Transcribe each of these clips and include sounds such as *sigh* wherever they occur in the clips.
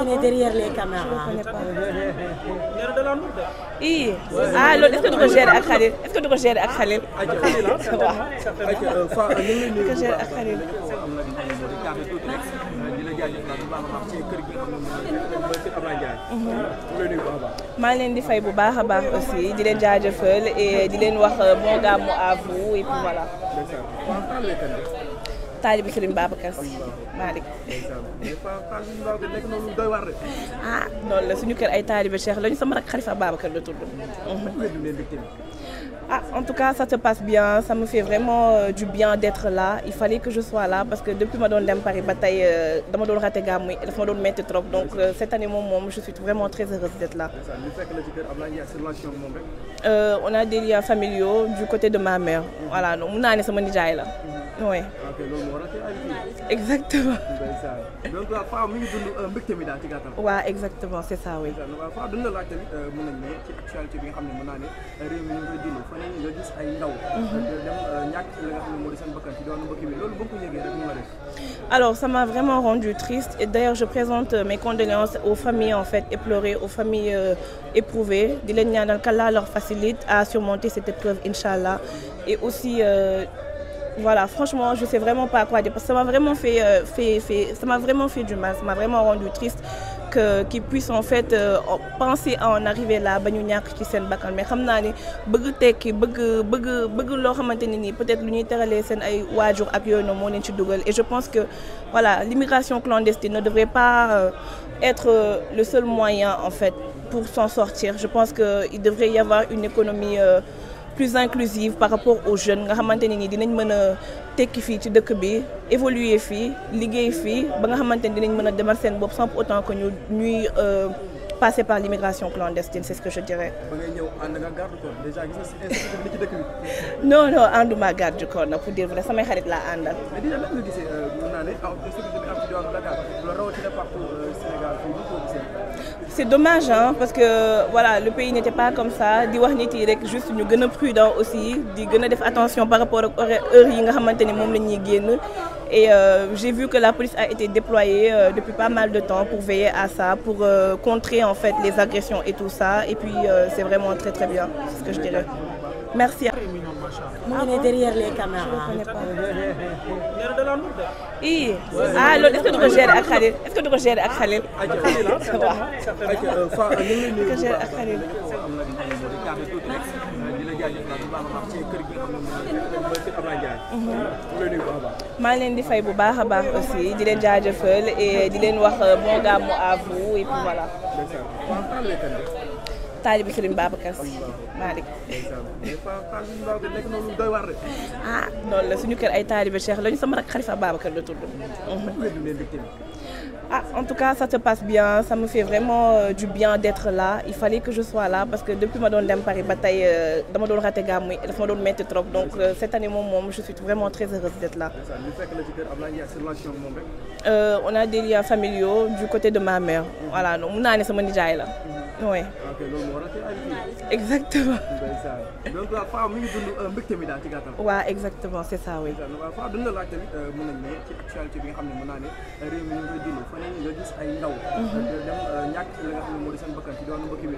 on est derrière les caméras. ii ah loolu est-ce que du ko gérer ak Khalil est-ce que du ko gérer ak Khalil. Ah, waaw euh, du ko gérer ak Khalil. Mhm. maa ngi leen di fay bu baax a baax aussi di leen jaajëfal di leen wax euh, bon gàmmu à vous et puis taalibi Serigne Babacar Sy Malick ah noonu la suñu kër ay taalibi Cheikh lañu sama rak Xalifa Babacar la tudd Ah, en tout cas, ça se passe bien. Ça me fait vraiment euh, du bien d'être Il fallait que je sois là parce que depuis ma donne Paris bataille, euh, je me donne raté gamme, je me donne mettre trop. Donc euh, cette année, moi, je suis vraiment très heureuse d'être là. Euh, on a des liens familiaux du côté de ma a Voilà, donc mon année, c'est mon là. Oui. Exactement. Donc la femme, nous un peu de c'est ça, oui. nañ nga gis ay mhm. euh, alors ça m'a vraiment rendu triste et d'ailleurs je présente euh, mes condoléances aux familles éplorées aux familles euh, éprouvées di leen ñaanal qu'Allah leur facilite à surmonter cette épreuve inchallah et aussi euh, voilà franchement je sais vraiment pas à quoi dire parce que ça m'a vraiment fait du mal ça m'a vraiment rendu triste ak qui puissent en fait euh, penser à en arriver là ba ñu ñàkk ci seen bakkan mais xam naa ni bëgg tekki bëgg bëgg bëgg loo xamante ne nii peut-être lu ñuy teralee seen ay waajur ak yooyu noonu moo leen ci dugal et je pense que voilà l'immigration clandestine ne devrait pas euh, être euh, le seul moyen en fait pour s'en sortir je pense que il devrait y avoir une économie plus inclusive par rapport aux jeunes nga xamante ne ni dinañ mën a tekki fii ci dëkk bi évoluer fii liggéey fii ba nga xamante ni dinañ mën a demal seen bopp sans pour autant que ñu ñuy euh, passer par l'immigration clandestine c'est ce que je dirais. ba ngay ñëw ànd nga garde corps déjà gis nga non non ànduma garde corps nag dire vrai samay xarit laa àndal. mais déjà lan c'est dommage hein, parce que voilà le pays n'était pas comme ça di juste ñu gën a prudent aussi di gën a def attention par rapport ak heure yi nga xamante ne moom la ñuy génn et euh, j'ai vu que la police a été déployée euh, depuis pas mal de temps pour veiller à ça pour euh, contrer en fait les agressions et tout ça et puis euh, c'est vraiment très très bien c'est ce que je dirais merci mu ngi ne derrière les caméras. ii ah loolu est-ce que du ko gérer ak Khalil est-ce que du ko gérer ak Khalil. maa ngi leen di fay bu baax a baax aussi di leen jaajëfal di leen wax bon gàmmu à vous et taalibi Serigne Babacar Sy Malick *laughs* ah noonu la suñu kër ay taalibi Cheikh lañu sama rak Khalifa Babacar la tudd *laughs* ah en tout cas ça se passe bien ça me fait vraiment euh, du bien d'être là il fallait que je sois là parce que depuis ma doon dem Paris ba tey euh, dama doon raté gàmmu daf ma doon métti trop donc euh, cette année moom moom je suis vraiment très heureuse d'être là euh, on a des liens familiaux du côté de ma mère voilà donc mun naa ne sama nijaay la oui. ok loolu moo waral tey exactement. donc Faaw mi ngi dund euh, mbégte mi ça oui. la laaj tamit euh, mën nañ ne ci actualité bi nga xam ne mën naa ne euh, réew mhm. di seen bakkan ci doon mbokk mi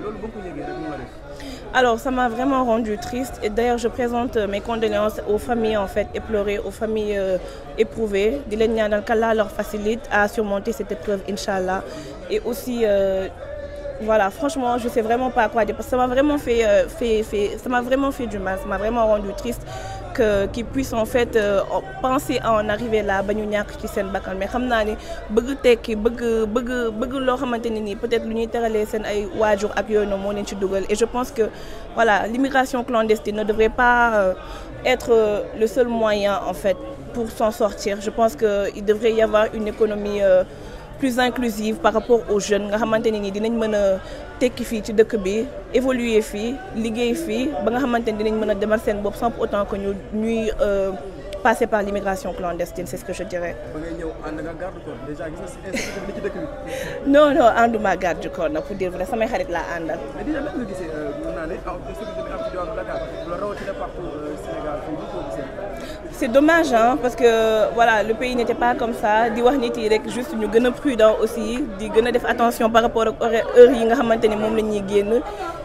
alors ça m'a vraiment rendu triste et d'ailleurs je présente mes condoléances aux familles en fait éplorées aux familles euh, éprouvées di leen ñaanal qu'Allah leur facilite à surmonter cette épreuve incha allah et aussi. voilà, franchement, je sais vraiment pas quoi dire parce que ça m'a vraiment fait, euh, fait, fait, ça m'a vraiment fait du mal, ça m'a vraiment rendu triste que qu'ils en fait euh, penser à en arriver là ba ñu ñàkk ci seen bakkan mais xam naa ne bëgg tekki bëgg bëgg bëgg loo xamante ne nii peut-être lu ñuy teralee seen ay waajur ak yooyu noonu moo leen ci dugal et je pense que voilà l'immigration clandestine ne devrait pas euh, être euh, le seul moyen en fait pour s'en sortir je pense que il devrait y avoir une euh, plus inclusive par rapport aux jeunes nga xamante ne nii dinañ mën a tekki fii ci dëkk bi évoluer fii liggéey fii ba nga xamante ni dinañ mën a demal seen bopp sans pour autant que ñu ñuy euh, passer par l'immigration clandestine c'est ce que je dirais. ba ngay ñëw ànd garde corps na ci dëkk dire vrai samay xarit laa àndal. mais déjà lan c'est dommage hein, parce que voilà le pays n'était pas comme ça di wax nit juste ñu gën a prudent aussi di gën a def attention par rapport ak heure yi nga xamante ne moom la ñuy génn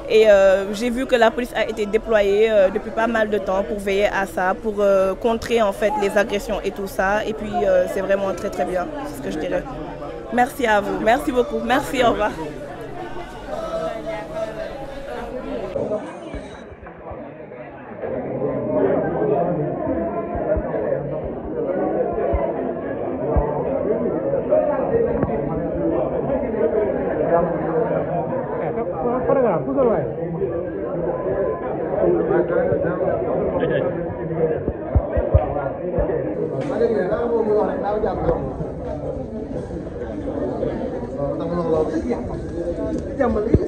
et euh, j'ai vu que la police a été déployée euh, depuis pas mal de temps pour veiller à ça pour euh, contrer en fait les agressions et tout ça et puis euh, c'est vraiment très très bien c'est que je dirais merci à vous merci beaucoup merci au revoir jàmbale yi.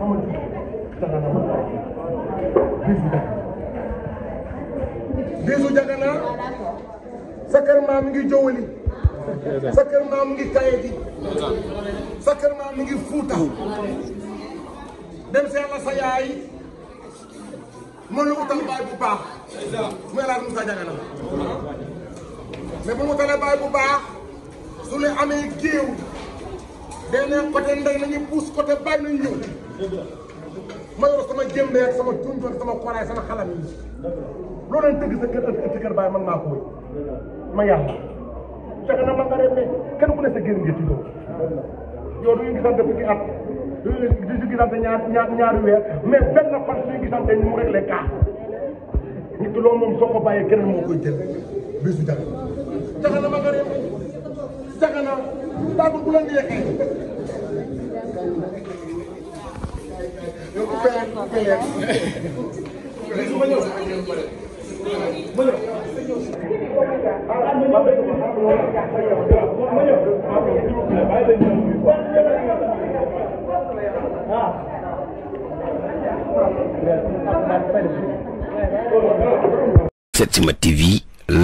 ama jagana sa kër maam mi ngi jowali sa kër maam mi ngi kaye ji sa kër maam ngi fuuta dem seela sa yaay mën la utal baay bu baax mu El Hadj Moussa Diagana mais bu mu utalee baay bu baax su la amee géew day ne côté ndey nañu pousse côté baay nañu ñëw ma yor sama jëmbe ak sama tuntu ak sama koraay sama xalam yi loo leen tëgg sa kër ëtt kër baay man maa ko ma yàlla fekk na ma nga dem mais kenn ku ne sa génn njëkk yow yow du ñu gisante fukki at du ñu gisante ñaar ñaar ñaari weer mais benn fan suñu gisante ñu mu réglé cas nit ki loolu moom soo ko bàyyee keneen moo koy jël bisu jafe. fekk na ma nga dem fekk na tàggu bu la neexee ma TV